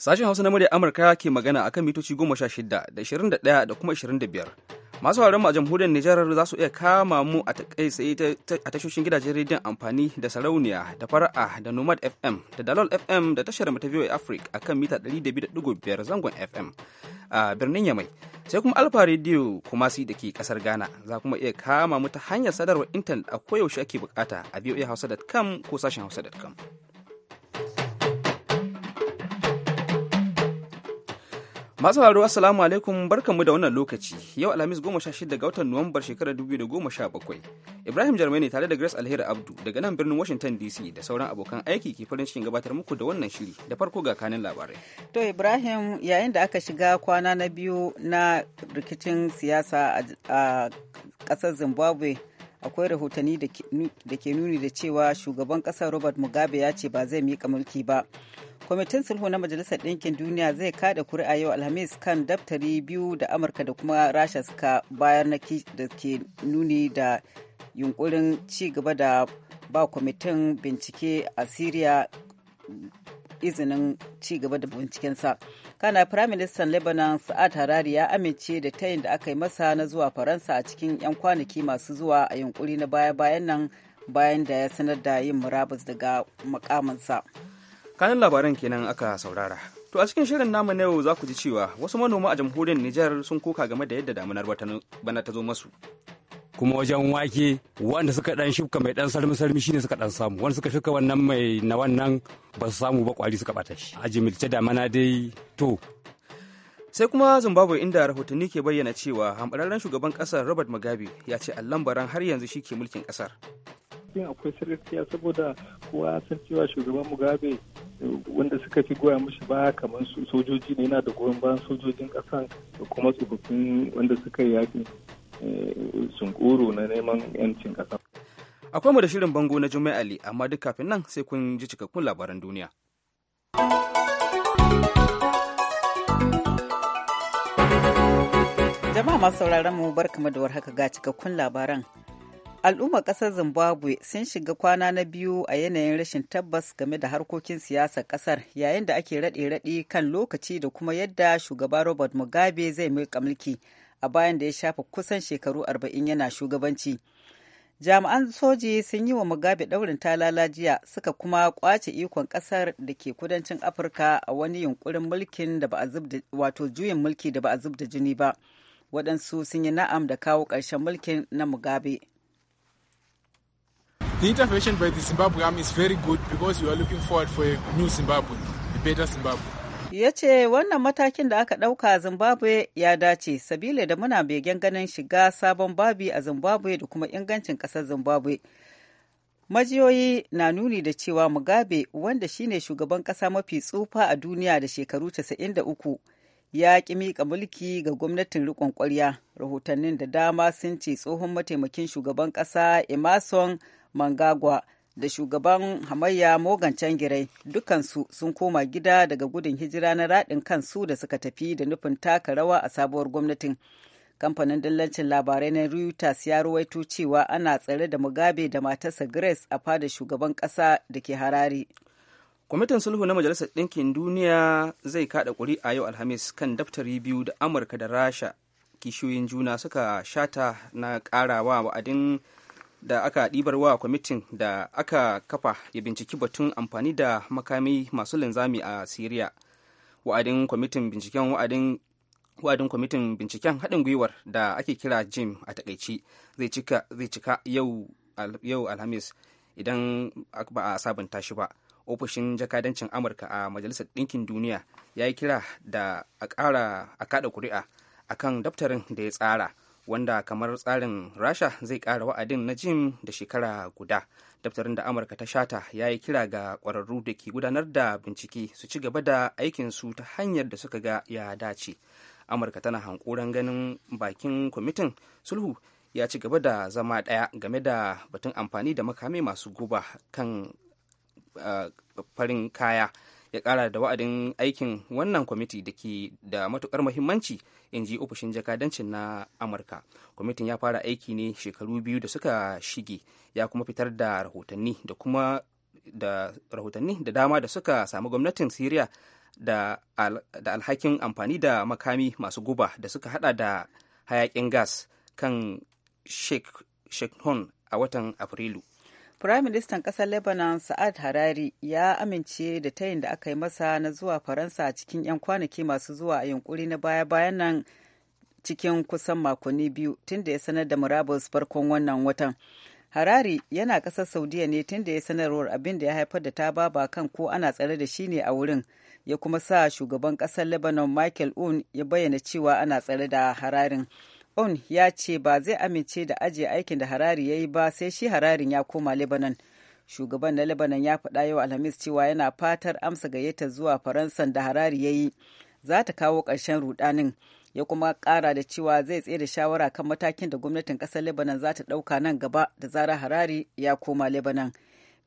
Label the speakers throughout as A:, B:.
A: Sashen Hausa na murya Amurka ke magana akan mitoci goma sha shida da ishirin da da kuma da biyar Masu mu a jamhuriyar Nijar za su iya kama mu a a tashoshin gidajen rediyon amfani da sarauniya da fara'a da Nomad FM da Dalol FM da tashar ta VOA Africa akan mita 200.5 zangon FM a birnin Yamai. Sai kuma Alfa Radio kuma si da ke kasar Ghana za kuma iya kama mu ta hanyar sadarwar intanet a koyaushe ake bukata a voahausa.com ko sashen hausa.com. Masu sauraro Assalamu alaikum barkanmu da wannan lokaci. Yau Alhamis goma sha shida ga watan Nuwambar shekarar dubu da goma sha bakwai Ibrahim Jarmai ne tare da Grace Alheri Abdu daga nan birnin Washington DC da sauran abokan aiki ke farin cikin gabatar muku da wannan shiri. Da farko ga kanin labarai.
B: To Ibrahim yayin da aka shiga kwana na biyu na rikicin siyasa a ƙasar Zimbabwe akwai rahotanni da ke nuni da cewa shugaban ƙasar robert mugabe ya ce ba zai mika mulki ba kwamitin sulhu na majalisar ɗinkin duniya zai kada kuri'a yau alhamis kan daftari biyu da amurka da kuma rasha suka bayar na da ke nuni da yunkurin ci gaba da ba kwamitin bincike a siriya izinin ci gaba da bincikensa kana firaministan lebanon sa'ad harari ya amince da tayin da aka yi masa na zuwa faransa a cikin 'yan kwanaki masu zuwa a yunkuri na baya-bayan nan bayan da ya sanar da yin murabus daga makamansa
A: kanan labaran kenan aka saurara To a cikin shirin namu na yau za ku ji cewa wasu manoma a
C: jamhuriyar Nijar sun koka game da yadda damunar bana ta zo masu. kuma wajen wake wanda suka dan shifka mai dan sarmi sarmi shine suka dan samu wanda suka shifka wannan mai na wannan ba su samu ba kwari suka bata shi a milce da mana dai to sai kuma
A: zimbabwe inda rahotanni ke bayyana cewa hambararren shugaban kasar robert mugabe ya ce allan baran har yanzu shi ke mulkin kasar
D: din akwai sirriya saboda kowa san cewa shugaban mugabe wanda suka fi goya mushi baya kamar sojoji ne yana da goyon bayan sojojin kasan da kuma tsofaffin wanda suka yi yaƙi sunkuru na neman
A: 'yancin kasa. Akwai mu da shirin bango na jumai Ali, amma duk kafin nan sai kun ji cikakkun labaran duniya.
B: Jama'a masu sauraron mu barkamu da warhaka ga cikakkun labaran. Al'ummar ƙasar Zimbabwe sun shiga kwana na biyu a yanayin rashin tabbas game da harkokin siyasar ƙasar yayin da ake raɗe-raɗe kan lokaci da kuma yadda shugaba Robert Mugabe zai mulki. mulki. a bayan da ya shafa kusan shekaru arba'in yana shugabanci. Jami'an soji sun yi wa Mugabe ɗaurin talala jiya suka kuma kwace ikon ƙasar da ke kudancin Afirka a wani yunkurin mulkin da ba a zubda wato juyin mulki da ba a zubda jini ba. Waɗansu sun yi na'am da kawo ƙarshen mulkin na Mugabe. The intervention by the Zimbabwe army is very good because we are looking forward for
C: a new Zimbabwe, a better Zimbabwe.
B: ya ce wannan matakin da aka ɗauka a zimbabwe ya dace sabila da muna begen ganin shiga sabon babi a zimbabwe da kuma ingancin ƙasar zimbabwe majiyoyi na nuni da cewa mugabe wanda shine shugaban ƙasa mafi tsufa a duniya da shekaru 93 ya ki mika mulki ga gwamnatin riƙon ƙwarya rahotannin da dama sun ce tsohon mataimakin shugaban ƙasa emerson mangagwa da shugaban hamayya Morgan Changirai dukansu sun koma gida daga gudun hijira na raɗin kansu da suka tafi da nufin taka rawa a sabuwar gwamnatin. Kamfanin dillancin labarai na Reuters ya ruwaito cewa ana tsare da Mugabe da matarsa Grace a fada shugaban ƙasa da ke Harare.
A: Kwamitin sulhu na Majalisar Ɗinkin Duniya zai kaɗa a yau Alhamis kan daftari biyu da Amurka da Rasha kishiyoyin juna suka shata na ƙarawa wa'adin da aka ɗibar wa kwamitin da aka kafa ya binciki batun amfani da makami masu linzami a Siriya. Wa'adin kwamitin binciken wa'adin wa'adin kwamitin binciken haɗin gwiwar da ake kira jim a takaici zai cika zai cika yau yau alhamis idan ba a sabunta shi ba ofishin jakadancin amurka a majalisar ɗinkin duniya ya yi kira da a ƙara a kaɗa kuri'a akan daftarin da ya tsara wanda kamar tsarin rasha zai ƙara wa'adin na jin da shekara guda daftarin da amurka ta shata ya yi kira ga ƙwararru da ke gudanar da bincike su ci gaba da aikinsu ta hanyar da suka ga ya dace amurka tana hankoran ganin bakin kwamitin sulhu ya ci gaba da zama ɗaya game da batun amfani da makami masu guba kan eh, farin kaya ya kara da wa'adin aikin wannan kwamiti da ke da matukar muhimmanci in ji ofishin jakadancin na amurka kwamitin ya fara aiki ne shekaru biyu da suka shige ya kuma fitar da rahotanni da kuma da rahotanni da dama da suka samu gwamnatin syria da, alhakin amfani da makami masu guba da suka hada da hayakin gas kan sheikh, a watan afrilu
B: Firaministan ƙasar Lebanon Sa'ad Harari ya amince da tayin da aka yi masa na zuwa Faransa a cikin 'yan kwanaki masu zuwa a yunkuri na baya-bayan nan cikin kusan makonni biyu tun da ya sanar da murabus farkon wannan watan. Harari yana ƙasar Saudiya ne tun da ya sanarwar abin da ya haifar da ta baba kan ko ana tsare da shi ne a wurin ya kuma sa shugaban ƙasar Lebanon Michael Un ya bayyana cewa ana tsare da hararin. on ya ce ba zai amince da ajiye aikin da harari ya yi ba sai shi hararin ya koma lebanon shugaban na lebanon ya faɗa yau alhamis cewa yana fatar amsa gayyata zuwa faransan da harari ya yi za ta kawo ƙarshen rudanin ya kuma ƙara da cewa zai tsaye da shawara kan matakin da gwamnatin ƙasar lebanon za ta ɗauka nan gaba da zara harari ya koma lebanon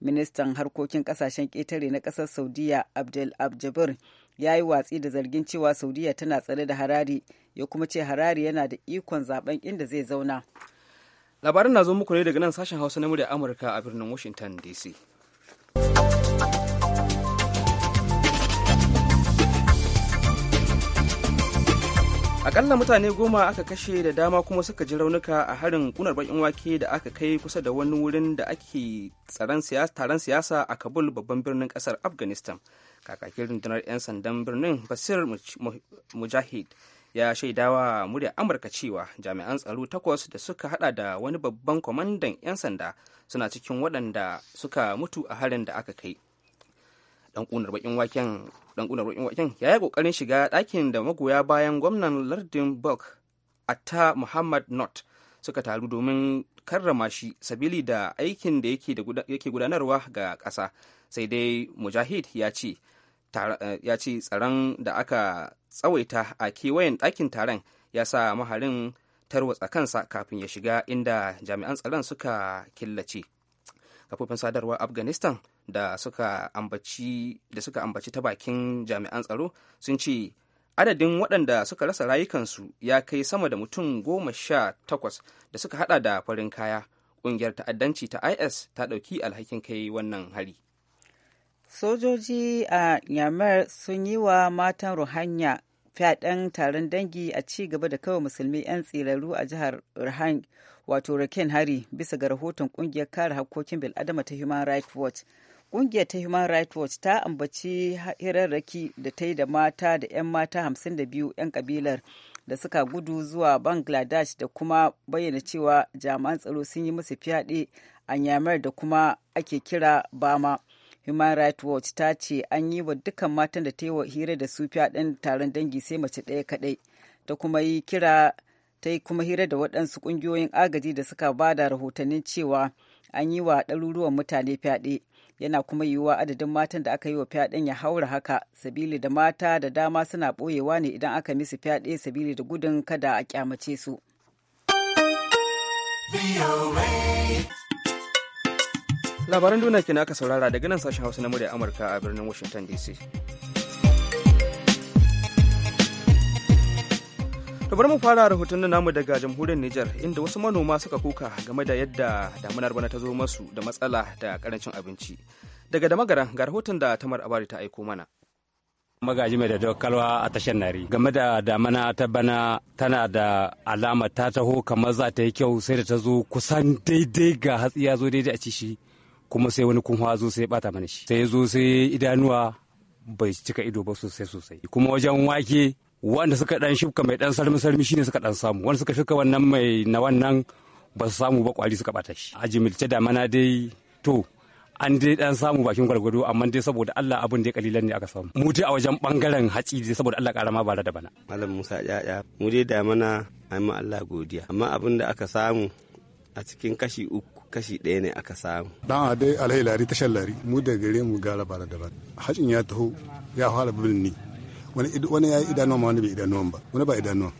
B: ministan harkokin ƙasashen ƙetare na ƙasar saudiya abdel abjabir ya yi watsi da zargin cewa saudiya tana tsare da harari ya kuma ce harari yana da ikon zaben inda zai zauna labarin na zo muku ne daga nan sashen hausa na murya amurka a birnin washington dc
A: akalla mutane goma aka kashe da dama kuma suka ji raunuka a harin kunar bakin wake da aka kai kusa da wani wurin da ake taron siyasa a kabul babban birnin kasar afghanistan kakakin rundunar 'yan sandan birnin basir mujahid ya shaidawa murya amurka cewa jami'an tsaro takwas da suka hada da wani babban kwamandan 'yan sanda suna cikin waɗanda suka mutu a harin da aka kai dan kunar bakin waken ya yi kokarin shiga ɗakin da magoya bayan gwamnan lardin bok atta muhammad not suka taru domin karrama shi sabili da aikin da yake gudanarwa ga ƙasa sai dai mujahid ya ce tsaron da aka tsawaita a kewayen ɗakin taron ya sa maharin tarwatsa kansa kafin ya shiga inda jami'an tsaron suka killace kafofin sadarwar afghanistan da suka ambaci da suka ambaci ta bakin jami'an tsaro sun ce adadin waɗanda suka rasa rayukansu ya kai sama da mutum goma sha takwas da suka hada da farin kaya ƙungiyar ta'addanci ta is ta ɗauki alhakin kai wannan hari
B: sojoji a nyamar sun yi wa matan ruhanya fyaɗen taron dangi a ci gaba da kawai musulmi 'yan tsiraru a jihar Rahan wato Raken Hari bisa ga rahoton ƙungiyar kare hakkokin bil'adama ta Human Rights Watch. Ƙungiyar ta Human Rights Watch ta ambaci hirarraki da ta yi da mata da 'yan mata 52 'yan kabilar da suka gudu zuwa Bangladesh da kuma bayyana cewa jami'an tsaro sun yi musu fyaɗe a Nyamar da kuma ake kira Bama. human rights watch ta ce an yi wa dukkan matan da ta yi wa hira da su fyaɗen taron dangi sai mace ɗaya kaɗai ta kuma yi kira ta yi kuma hira da waɗansu ƙungiyoyin agaji da suka ba da rahotannin cewa an yi wa ɗaruruwan mutane fyaɗe yana kuma yiwuwa adadin matan da aka yi wa fyaɗen ya haura haka sabili da mata da dama suna ɓoyewa ne idan aka misu fyaɗe sabili da gudun kada a kyamace su.
A: labaran duniya kenan aka saurara daga nan sashen hausa na murya amurka a birnin washington dc To bari mu fara rahoton namu daga jamhuriyar Nijar inda wasu manoma suka kuka game da yadda damunar bana ta zo masu da matsala da karancin abinci. Daga da magaran ga rahoton da Tamar Abari ta aiko mana.
C: magaji mai da dokalwa a tashar nari game da damana ta bana tana da alama ta taho kamar za ta yi kyau sai da ta zo kusan daidai ga hatsi ya zo daidai a ci kuma sai wani kun hazo sai ya bata mana shi sai ya zo sai idanuwa bai cika ido ba sosai sosai kuma wajen wake wanda suka dan shifka mai dan sarmi sarmi shine suka dan samu wanda suka shifka wannan mai na wannan ba su samu ba kwari suka bata shi a milce da mana dai to an dai dan samu bakin gwargwado amma dai saboda Allah abun dai kalilan ne aka samu mu dai a wajen bangaren hatsi dai saboda Allah karama ba da bana malam Musa yaya mu dai da mana amma Allah godiya amma abun da aka samu a cikin kashi uku kashi ɗaya ne aka samu. Dan a dai alhailari tashar lari mu da gare mu gara bara da bara. Hacin ya taho ya fara birni wani ya yi idanuwa ma wani bai idanuwa ba wani ba idanuwa.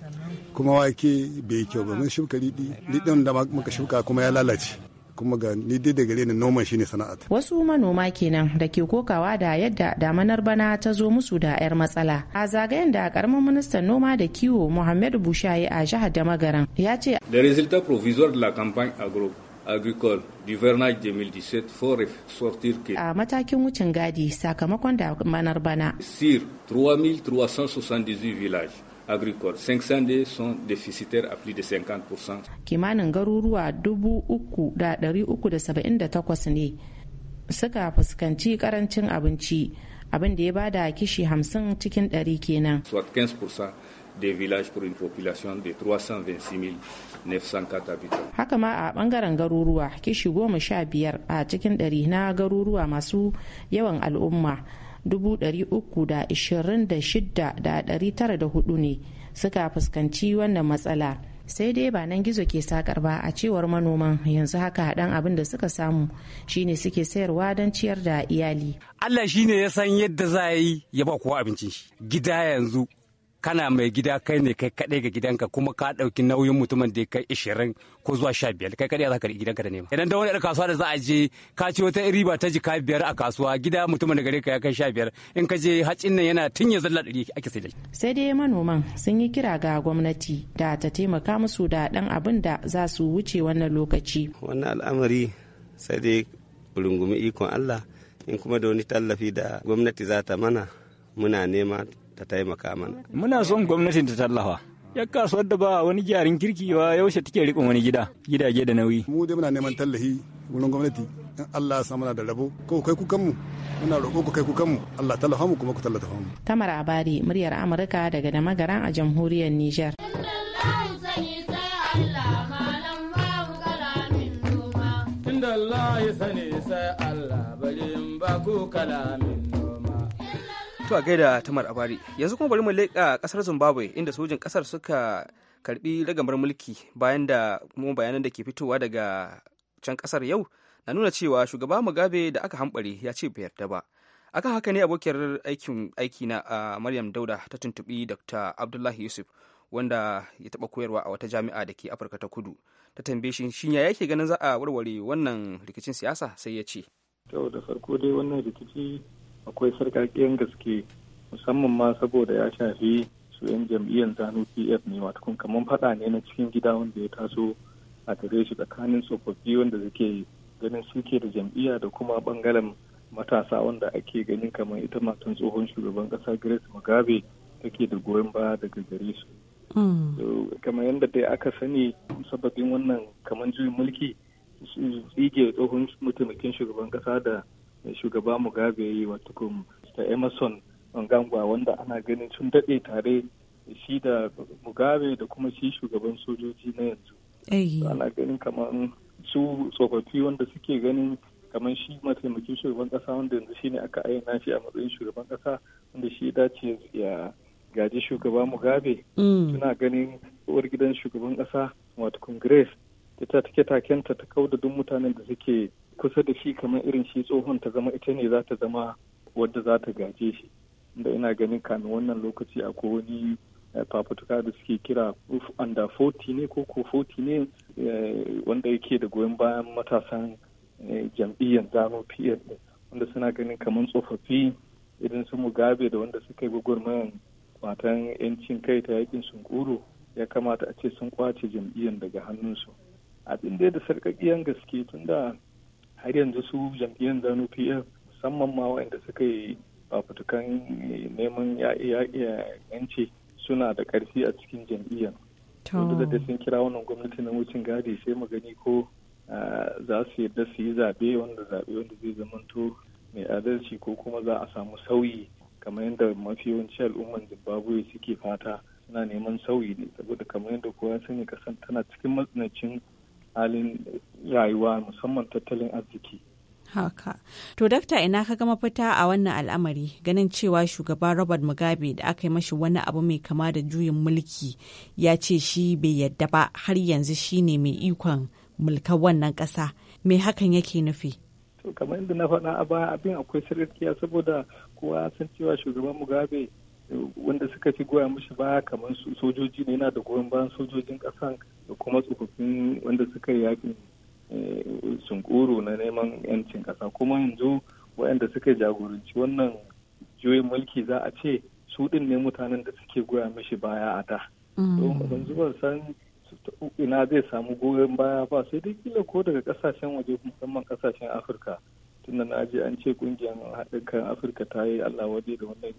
C: kuma wake bai yi kyau ba mun shuka riɗi riɗin da muka shuka kuma ya lalace kuma ga ni dai da gare ni noman shine ta.
E: Wasu manoma kenan da ke kokawa da yadda damanar bana ta zo musu da 'yar matsala. A zagayen da karamin ministan noma da kiwo Muhammadu Bushayi a jihar Damagaran ya ce.
D: The result provisoire de la campagne agro agricole d'hivernage 2017 faut ressortir que a
E: matakin wucin gadi sakamakon da manar bana
D: sur 3378 villages agricole 502
C: sont déficitaires à plus de 50%.
E: Kimanin garuruwa 3,378 ne suka fuskanci karancin abinci abin da ya bada kishi 50 cikin 100 kenan.
D: 15% des villages pour une
C: population de 326,904 habitants.
E: Haka ma a bangaren garuruwa kishi goma sha biyar a cikin ɗari na garuruwa masu yawan al'umma da hudu ne suka fuskanci wannan matsala. sai dai ba nan gizo ke sakar ba a cewar manoman yanzu haka dan abin da suka samu shine suke sayarwa don ciyar da iyali
C: Allah shine ya san yadda za yi ya ba kowa abincin shi gida yanzu kana mai gida kai ne kai kadai ga gidanka kuma ka dauki nauyin mutumin da kai ishirin ko zuwa sha biyar kai kadai za ka gidanka da nema idan da wani da kasuwa da za a je ka ci wata riba ta jika biyar a kasuwa gida mutumin da gare ka ya kai biyar in ka je hacin nan yana tun ya zalla 100 ake sai da
E: sai dai manoman sun yi kira ga gwamnati da ta taimaka musu da dan abin da za su wuce wannan lokaci wannan
C: al'amari sai dai rungumi ikon Allah in kuma da wani tallafi da gwamnati za ta mana muna nema ta taimaka mana. Muna son gwamnatin ta tallafa. Ya kasuwar da ba wani gyaran kirkiwa yaushe take rikon wani gida, gidaje da nauyi. Mu dai muna neman tallafi wurin gwamnati. In Allah ya samu da rabo, ko kai kukanmu. Muna roƙo ku kai kanmu Allah tallafa mu kuma ku tallafa mu.
E: Tamar Abari, muryar Amurka daga da magaran a jamhuriyar Nijar.
A: Allah ya sani sai Allah bari in ba ku kalamin To a gaida Tamar Abari. Yanzu kuma bari mu leƙa ƙasar Zimbabwe inda sojin ƙasar suka karbi ragamar mulki bayan da kuma bayanan da ke fitowa daga can ƙasar yau na nuna cewa shugaba Mugabe da aka hambare ya ce bai yarda ba. Akan haka ne abokiyar aikin aiki na a Maryam Dauda ta tuntubi Dr. Abdullahi Yusuf wanda ya taɓa koyarwa a wata jami'a da ke Afirka ta Kudu. Ta tambaye shi shin ya yake ganin za a warware wannan rikicin siyasa sai ya ce. To da
D: farko dai wannan rikici akwai sarƙaƙiyar gaske musamman ma saboda ya shafi su 'yan jam'iyyar zanu pf ne kun kamar faɗa ne na cikin gida wanda ya taso a gare shi tsakanin tsofaffi wanda suke ganin suke da jam'iyya da kuma bangaren matasa wanda ake ganin kamar ita matan tsohon shugaban ƙasa grace mugabe take da goyon baya daga gare su mm. kamar yadda dai aka sani sababin wannan kamar juyin mulki tsige tsohon mataimakin shugaban kasa da shugaba mugabe yi wa tukun da emerson gangwa wanda ana ganin sun daɗe tare shi da mugabe da kuma shi shugaban sojoji na
F: yanzu ana
D: ganin kamar su tsofaffi wanda suke ganin kamar shi mataimakin shugaban kasa wanda yanzu shine aka ayyana shi a matsayin shugaban kasa wanda shi dace ya gaji shugaba mugabe mm. suna ganin uwar gidan shugaban kasa wato congress ta take takenta ta kauda duk mutanen da suke kusa da shi kamar irin shi tsohon ta zama ita ne za ta zama wadda za ta gaje shi inda ina ganin kamin wannan lokaci akwai wani eh, fafutuka da suke kira proof under 40 ne ko ko 40 ne eh, wanda yake da goyon bayan matasan eh, jam'iyyar zano pf wanda suna ganin kamar tsofaffi idan su mugabe da wanda suka yi gwagwarmayan matan yancin kai ta yakin sunkuru ya kamata a ce sun kwace jam'iyyar daga hannunsu abin da da sarkakiyar gaske tunda har yanzu su jam'iyyar zanu pf musamman ma waɗanda suka yi fafutukan neman yanci suna da ƙarfi a cikin jam'iyyar wanda da sun kira wannan gwamnati na wucin gadi sai mu gani ko za su yarda su yi zaɓe wanda zaɓe wanda zai zamanto mai adalci ko kuma za a samu sauyi kamar yadda mafi yawanci al'ummar zimbabwe suke fata suna neman sauyi ne saboda kamar yadda kowa sani kasan tana cikin matsanancin halin rayuwa musamman tattalin arziki.
B: Haka. To, dakta ina ka ga mafita a wannan al'amari ganin cewa shugaba Robert Mugabe da aka yi mashi wani abu mai kama da juyin mulki ya ce shi bai yadda ba har yanzu shi ne mai ikon mulkar wannan ƙasa. Me hakan yake nufi?
D: To, kamar inda na faɗa a baya abin akwai sarƙiya saboda kowa san cewa shugaban Mugabe wanda suka fi goya mushi baya kamar sojoji ne yana da goyon bayan sojojin ƙasan da kuma tsofaffin wanda suka yi yakin eh, sunkuru na neman 'yancin ƙasa kuma yanzu waɗanda suka jagoranci wannan juyin mulki za a ce su din ne mutanen da suke goya mishi baya a da.
B: Mm. yanzu
D: ban san ina zai samu goyon baya ba sai dai kila ko daga ƙasashen waje musamman ƙasashen afirka tunda na je an ce ƙungiyar haɗin kan afirka ta yi allah waje da wannan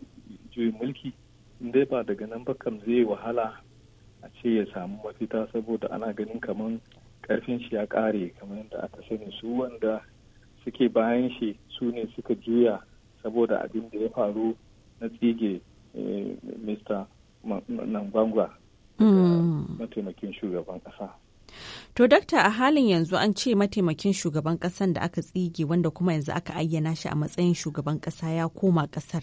D: juyin mulki dai ba daga nan ba kam zai wahala a ce ya samu mafita saboda ana ganin kamar karfin shi ya kare kamar yadda aka sani su wanda suke bayan shi su ne suka juya saboda abin da ya faru na tsige eh, mr nangwangwa
B: mm.
D: mataimakin shugaban kasa
B: To dakta a halin yanzu an ce mataimakin shugaban kasan da aka tsige wanda kuma yanzu aka ayyana shi a matsayin shugaban kasa ya koma kasar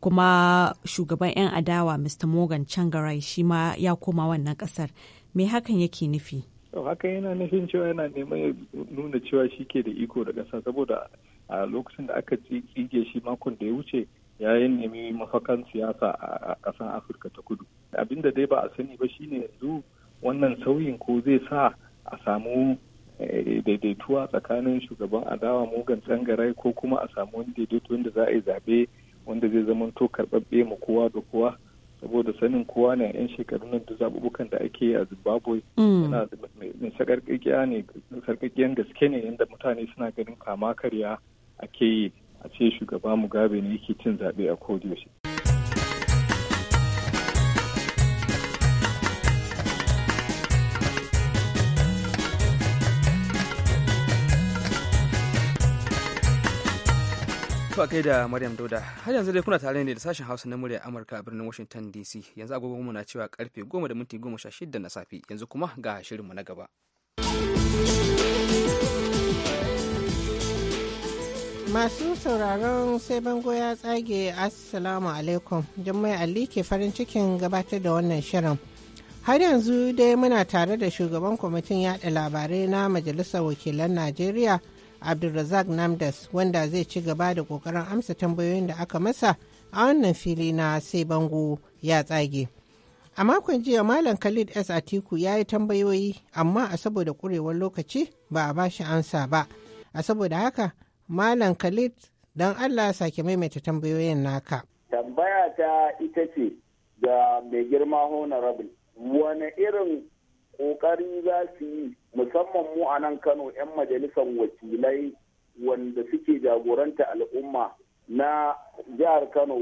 B: kuma shugaban 'yan adawa Mr. Morgan Changarai shi ma ya koma wannan kasar. Me hakan yake nufi?
D: hakan yana nufin cewa yana neman ya nuna cewa shi ke da iko da kasa saboda a lokacin da aka tsige shi makon da ya wuce ya yi nemi mafakan siyasa a ƙasar Afirka ta kudu. Abin da dai ba a sani ba shine yanzu wannan sauyin ko zai sa a samu eh, daidaituwa tsakanin shugaban adawa mugan tsangarai ko kuma a samu wani daidaito wanda za a yi zaɓe wanda zai zama to karɓaɓɓe ma kowa da kowa saboda sanin kowa na 'yan shekarun nan da zaɓuɓɓukan da ake yi a zimbabwe yana mm. mai sakarƙaƙiya ne gaske ne yadda mutane suna ganin kama karya ake yi a ce shugaba mugabe ne yake cin zaɓe a kodiyoshi
A: To kai da Maryam Dauda, har yanzu dai kuna tare ne da sashen Hausa na murya Amurka a birnin Washington DC. Yanzu mu na cewa karfe 10 da minti 16 na safe. Yanzu kuma ga mu na gaba.
F: Masu sauraron sai bango ya tsage Assalamu alaikum. Jummai Ali ke farin cikin gabatar da wannan shirin. Har yanzu dai muna tare da shugaban kwamitin yaɗa labarai na Majalisar Wakilan Najeriya. abdulrazak namdas wanda zai ci gaba da kokarin amsa tambayoyin da aka masa a wannan fili na sai bango ya tsage a makon jiya malam khalid s atiku ya yi tambayoyi amma a saboda kurewar lokaci ba a bashi ansa ba a saboda haka malam khalid don allah sake maimaita tambayoyin naka
G: tambaya ta ita ce da mai girma honorable wane irin kokari za su yi musamman mu a nan kano 'yan majalisar wakilai wanda suke jagoranta al'umma na jihar kano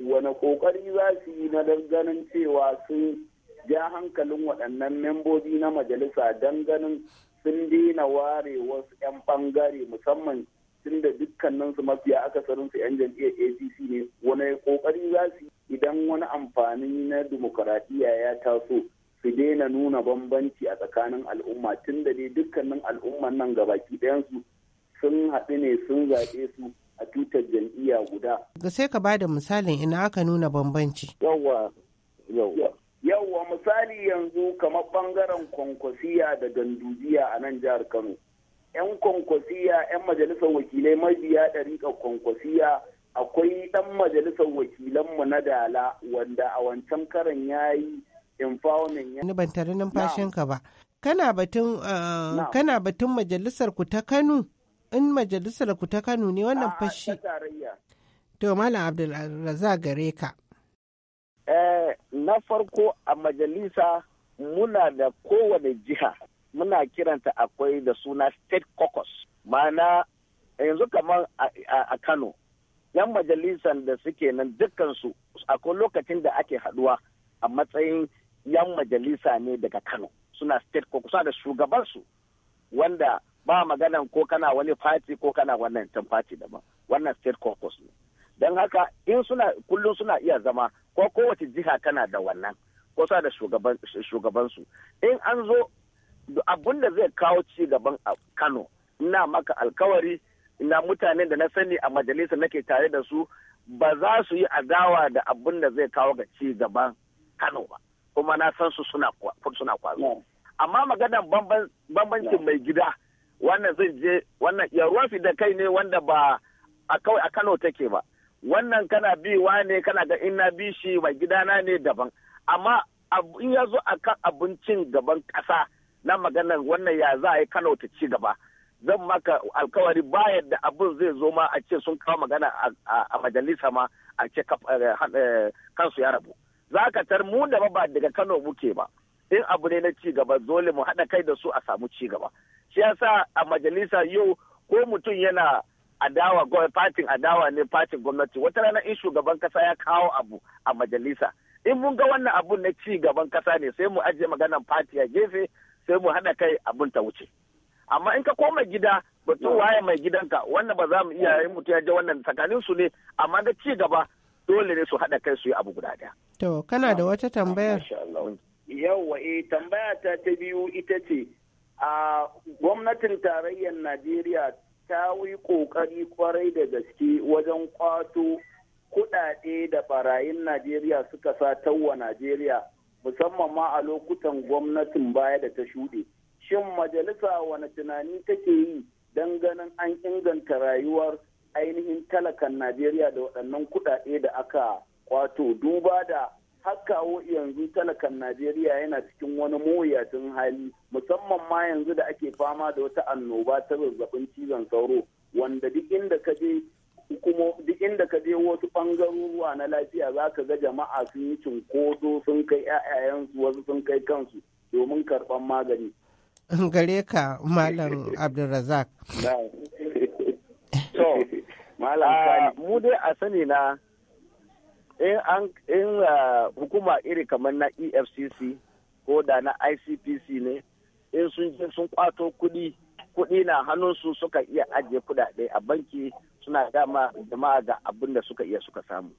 G: wani kokari za su yi na ganin cewa sun ja hankalin waɗannan membobi na majalisa don ganin sun daina ware wasu 'yan ɓangare musamman tun da dukkaninsu mafiya akasarinsu 'yan jam'iyyar apc bambanci a tsakanin al'umma tun da dai dukkanin al'umman nan gabaki ɗayansu sun haɗu ne sun zaɓe su a tutar jam'iyya guda.
F: sai ka bada misalin ina aka nuna bambanci.
G: Yawwa, yawwa. Yawwa misali yanzu kamar ɓangaren kwankwasiya da gandujiya a nan jihar Kano. 'Yan kwankwasiya 'yan majalisar wakilai mabiya riƙa kwankwasiya akwai ɗan majalisar wakilanmu na dala wanda a wancan karan ya yi empowerment ni
F: ban tare numfashinka ba kana batun uh, kana batun majalisar ku ta Kano in majalisar ku ta Kano ne wannan fashi to malam Abdul gare ka
G: eh na farko a majalisa muna da kowane jiha muna kiranta akwai da suna state caucus mana yanzu kamar a kano yan majalisan da suke nan dukkansu akwai lokacin da ake haduwa a matsayin yan majalisa ne daga Kano suna state ko kusa da shugabansu wanda ba maganan ko kana wani party ko kana wannan tan party daban wannan state caucus ne don haka in suna kullum suna iya zama ko kowace jiha tana da wannan ko sa da shugabansu in an zo abun da zai kawo ci gaban a kano ina maka alkawari ina mutanen da na sani a majalisa nake tare da su ba za su yi adawa da abun da zai kawo ga ci gaban kano ba kuma na san su suna suna kwazo amma maganan bambancin mai gida wannan zai je wannan ya ruwafi da kai ne wanda ba a kawai a Kano take ba wannan kana biwa ne kana ga ina bi shi mai gidana ne daban amma in ya zo a kan abincin gaban ƙasa na maganar wannan ya za a yi Kano ta ci gaba zan maka alkawari ba yadda abin zai zo ma a ce sun kawo magana a majalisa ma a ce eh, eh, kansu ya rabu za ka tar mu da ba daga Kano muke ba in abu ne na ci gaba dole mu haɗa kai da su a samu ci gaba shi yasa a majalisa yau ko mutum yana adawa fatin adawa ne fatin gwamnati wata rana in shugaban kasa ya kawo abu a majalisa in mun ga wannan abun na ci gaban kasa ne sai mu ajiye maganan fati a gefe sai mu haɗa kai abun ta wuce amma in ka koma gida batun waye mai gidanka wannan ba za mu iya yin mutu ya je wannan tsakanin su ne amma da ci gaba dole ne su haɗa kai su yi abu guda ɗaya.
F: To, kana da ah, wata tambayar?
G: Yawwa, eh tambaya ta ta biyu ita ce, a gwamnatin tarayyar Najeriya ta yi ƙoƙari kwarai da gaske wajen kwato kuɗaɗe da barayin Najeriya suka sa tawa Najeriya, musamman ma a lokutan gwamnatin baya da ta shuɗe. Shin majalisa wani tunani take yi don ganin an inganta rayuwar ainihin talakan najeriya da waɗannan kuɗaɗe da aka kwato duba da hakawo yanzu talakan najeriya yana cikin wani mawuyacin hali musamman ma yanzu da ake fama da wata annoba ta zazzabin cizon sauro wanda duk inda ka je kuma duk inda ka je wasu ɓangaruruwa na lafiya za ka ga jama'a sun yi cinkoso sun kai 'ya'yayensu wasu sun kai kansu domin karɓan magani.
F: gare ka malam abdulrazak
G: So, mu dai a sani na in uh, hukuma iri kamar na EFCC ko da na ICPC ne in sun kwato kuɗi kuɗi na hannunsu suka iya ajiye kuɗaɗe a banki suna dama jama'a ga abin da suka iya suka samu.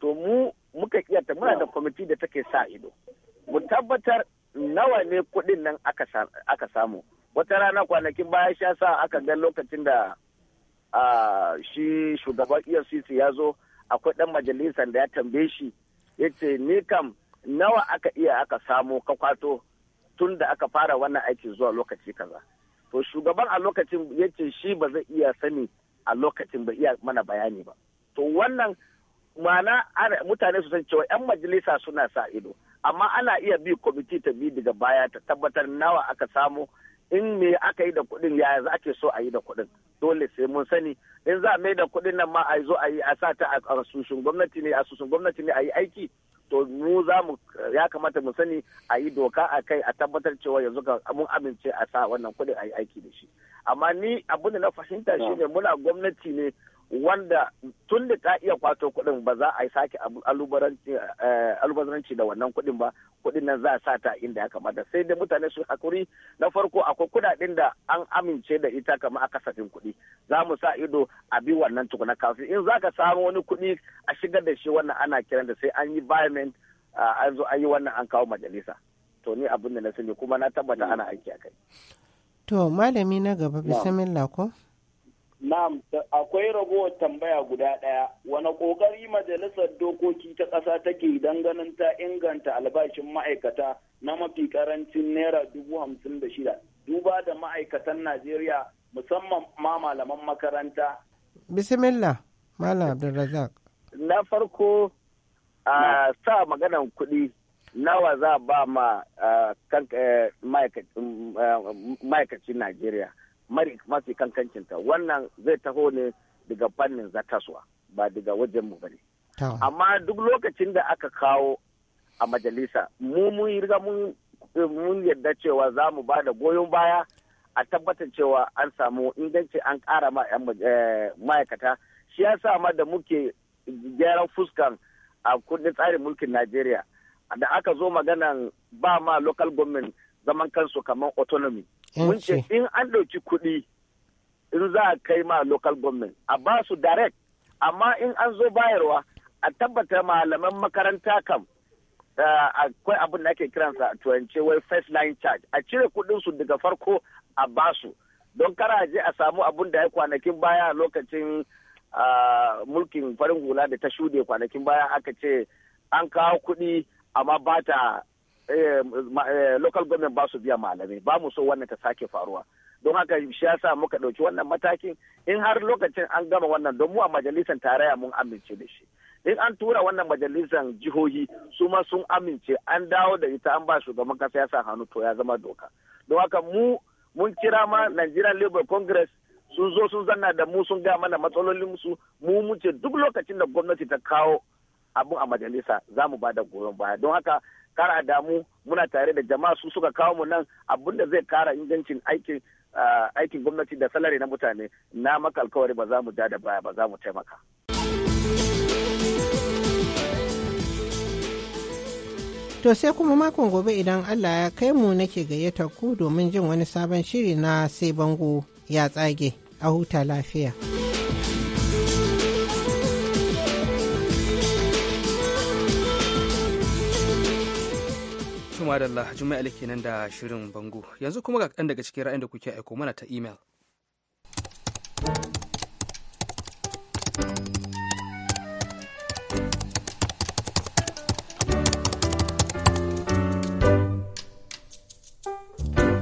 G: To mu muka iya ta muna da kwamiti da take sa ido. Mu tabbatar nawa ne kuɗin nan aka samu. Wata rana kwanakin baya sha sa aka ga lokacin da shi shugaban efcc ya zo akwai dan majalisar da ya tambaye shi ya ce ni kam nawa aka iya aka samo ka kwato tun da aka fara wannan aiki zuwa lokaci kaza to shugaban a lokacin ya ce shi ba zai iya sani a lokacin ba iya mana bayani ba to wannan mana mutane su san cewa 'yan majalisa suna sa ido amma ana iya bi kwamiti ta bi daga baya ta tabbatar nawa aka samu in me aka yi da kuɗin yaya za ke so a yi da kuɗin dole sai mun sani in za a mai da kuɗin nan ma a zo a yi a sa ta a asusun gwamnati ne asusun gwamnati ne a yi aiki to mu za mu ya kamata mu sani a yi doka a kai a tabbatar cewa yanzu ka mun amince a sa wannan kuɗin a yi aiki da shi amma ni abin da na fahimta shine muna gwamnati ne wanda tun da ta iya kwato kuɗin ba za a sake eh, alubaranci da wannan kuɗin ba kuɗin nan za a sa ta inda ya kamata sai dai mutane su hakuri na farko akwai kuɗaɗen da an amince da ita kamar a kasafin kuɗi za mu sa ido a bi wannan tukuna kafin in za ka samu wani kuɗi a shigar da shi wannan ana kiran da sai an yi environment an zo an yi wannan an kawo majalisa to ni abin da na sani kuma na tabbata ana aiki a kai.
F: to malami na gaba bisimillah ko.
G: Na'am, akwai ragowar tambaya guda ɗaya. Wane ƙoƙari majalisar dokoki ta ƙasa take don ganin ta inganta albashin ma'aikata na mafi ƙarancin naira dubu hamsin da shida. Duba da ma'aikatan Najeriya musamman ma malaman makaranta.
F: Bismillah, Malam Abdulrazak.
G: Na farko, a sa maganan kuɗi nawa za ba ma eh, eh, ma'aikacin Najeriya. mari mafi kankancinta wannan zai taho ne daga fannin zakaswa ba daga wajen mu bane amma duk lokacin da aka kawo a majalisa mu mun riga eh, mun yarda cewa za mu ba da goyon baya a tabbatar cewa an samu inganci an kara eh, eh, ma'aikata shi ya sa ma da muke gyaran fuskan a kundin tsarin mulkin najeriya da aka zo maganan ba ma local government zaman kansu kamar autonomy mun ce in an ɗauki kuɗi in za a kai ma local government a ba su direct amma in an zo bayarwa a tabbata malaman makaranta kam eh, akwai abin da ake kiransa a turance wai first line charge a cire kuɗin su daga farko a ba su don kara je a samu abin da ya kwanakin baya lokacin eh, mulkin farin hula da ta shuɗe kwanakin baya aka ce an kawo kuɗi amma ba ta Eh, eh, local government ba su biya malamai ba mu so wannan ta sake faruwa don haka shi ya sa muka ɗauki wannan matakin in har lokacin an gama wannan don mu a majalisar tarayya mun amince da shi in an tura wannan majalisar jihohi su ma sun amince an dawo da ita an ba shugaban kasa ya sa hannu to ya zama doka don haka mu mun kira ma Nigerian Labour Congress sun zo sun zanna da mu sun ga mana matsalolin su mu mun ce duk lokacin da gwamnati ta kawo abun a majalisa za mu ba da goyon baya don haka kara a damu muna tare da jama'a su suka kawo mu nan abin da zai kara ingancin aikin ah, aikin gwamnati da salari na mutane na maka alkawari ba za mu da baya ba za mu taimaka.
F: To sai kuma makon gobe idan Allah ya kai mu nake gayyata ku domin jin wani sabon shiri na sai bango ya tsage a huta lafiya.
A: da Allah Juma'a Ali kenan da shirin bango. Yanzu kuma ga kaɗan daga cikin ra'ayin da kuke aiko mana ta email.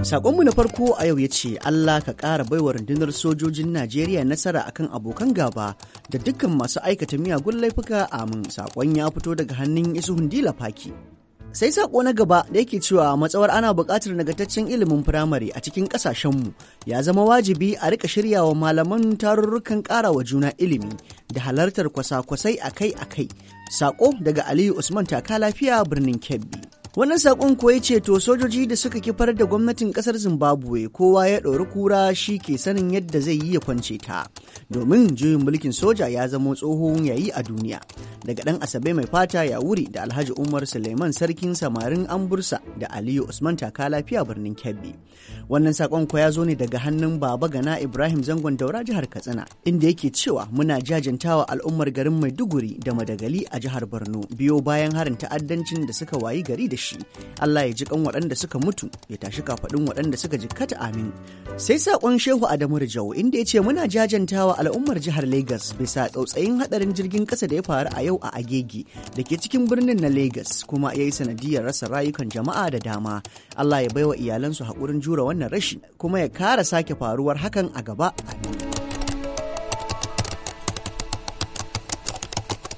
H: Sakonmu na farko a yau ya ce Allah ka ƙara baiwa rundunar sojojin Najeriya nasara akan abokan gaba da dukkan masu aikata miyagun laifuka amin. Sakon ya fito daga hannun Isu Hundila Faki. sai sako na gaba da yake cewa matsawar ana buƙatar nagartaccen ilimin firamare a cikin ƙasashenmu ya zama wajibi a rika wa malaman tarurrukan ƙara wa juna ilimi da halartar kwasa-kwasai akai-akai sako daga aliyu usman taka lafiya birnin kebbi Wannan saƙon kuwa ya ce to sojoji da suka kifar da gwamnatin ƙasar Zimbabwe kowa ya ɗori kura shi ke sanin yadda zai yi ya kwance ta. Domin juyin mulkin soja ya zamo tsohon yayi a duniya. Daga ɗan Asabe mai fata ya wuri da Alhaji Umar Suleiman sarkin samarin Ambursa da Aliyu Usman taka lafiya birnin Kebbi. Wannan saƙon kuwa ya zo ne daga hannun Baba Gana Ibrahim Zangon Daura jihar Katsina inda yake cewa muna jajantawa al'ummar garin Maiduguri da Madagali a jihar Borno biyo bayan harin ta'addancin da suka wayi gari da shi Allah ya ji kan waɗanda suka mutu ya tashi kafaɗin waɗanda suka ji kata amin sai saƙon shehu Adamu Rijau inda ya ce muna jajantawa al'ummar jihar Lagos bisa tsautsayin haɗarin jirgin ƙasa da ya faru a yau a Agege da ke cikin birnin na Lagos kuma ya yi sanadiyar rasa rayukan jama'a da dama Allah ya baiwa iyalansu haƙurin jura wannan rashi kuma ya kara sake faruwar hakan a gaba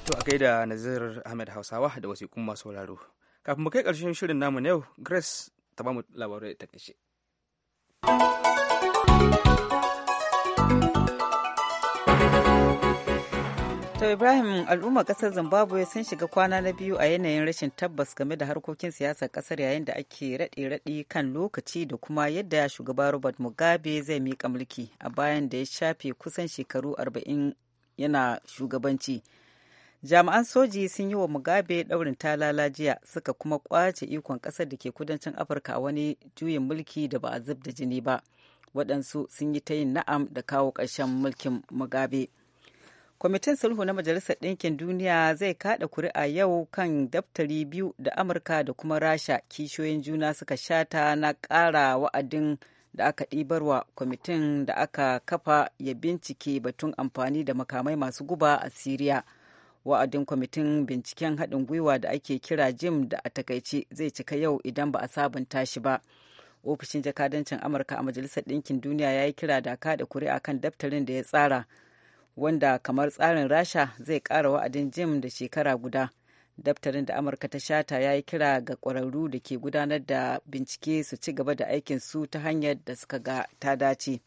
A: To a Nazir Ahmed Hausawa da wasiƙun masu sauraro. kafin mu kai ƙarshen shirin namu na yau grace ta ba mu labarai ta kashe
B: To Ibrahim al'ummar kasar Zimbabwe sun shiga kwana na biyu a yanayin rashin tabbas game da harkokin siyasar kasar yayin da ake raɗe-raɗe kan lokaci da kuma yadda shugaba Robert Mugabe zai mika mulki a bayan da ya shafe kusan shekaru arba'in yana shugabanci. jami'an soji sun yi wa mugabe daurin talala jiya suka kuma kwace ikon kasar da ke kudancin afirka wani juyin mulki da ba a zub da jini ba waɗansu sun yi ta yin na'am da kawo ƙarshen mulkin mugabe kwamitin sulhu na majalisar ɗinkin duniya zai kaɗa kuri'a yau kan daftari biyu da amurka da kuma rasha kishiyoyin juna suka shata na ƙara wa'adin da aka ɗibarwa kwamitin da aka kafa ya bincike batun amfani da makamai masu guba a siriya wa'adin kwamitin binciken haɗin gwiwa da ake kira jim da a takaice zai cika yau idan ba a sabunta shi ba ofishin jakadancin amurka a majalisar ɗinkin duniya ya yi kira da kaɗa kuri'a kan daftarin da ya tsara wanda kamar tsarin rasha zai ƙara wa'adin jim da shekara guda daftarin da amurka ta shata ya yi kira ga ƙwararru da ke gudanar da bincike su ci gaba da aikin su ta hanyar da suka ga ta dace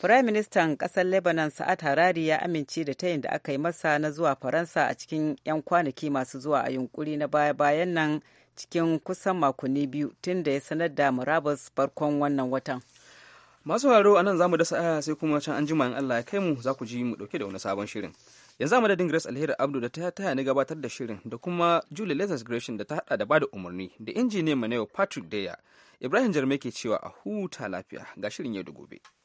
B: firaministan kasar ƙasar Lebanon Sa'ad Harari ya amince da tayin da aka yi masa na zuwa Faransa a cikin 'yan kwanaki masu zuwa a yunkuri na baya-bayan nan cikin kusan makonni biyu tun da ya sanar da murabus farkon wannan watan. Masu haro a nan za mu da sa'a sai kuma
A: can an jima'in Allah ya kai mu za ku ji mu ɗauke da wani sabon shirin. Yanzu da madadin Grace Alheri Abdu da ta taya ni gabatar da shirin da kuma Julie Letters Gresham da ta haɗa da bada umarni da injiniyan mu na yau Patrick Deya. Ibrahim Jarme ke cewa a huta lafiya ga shirin yau da gobe.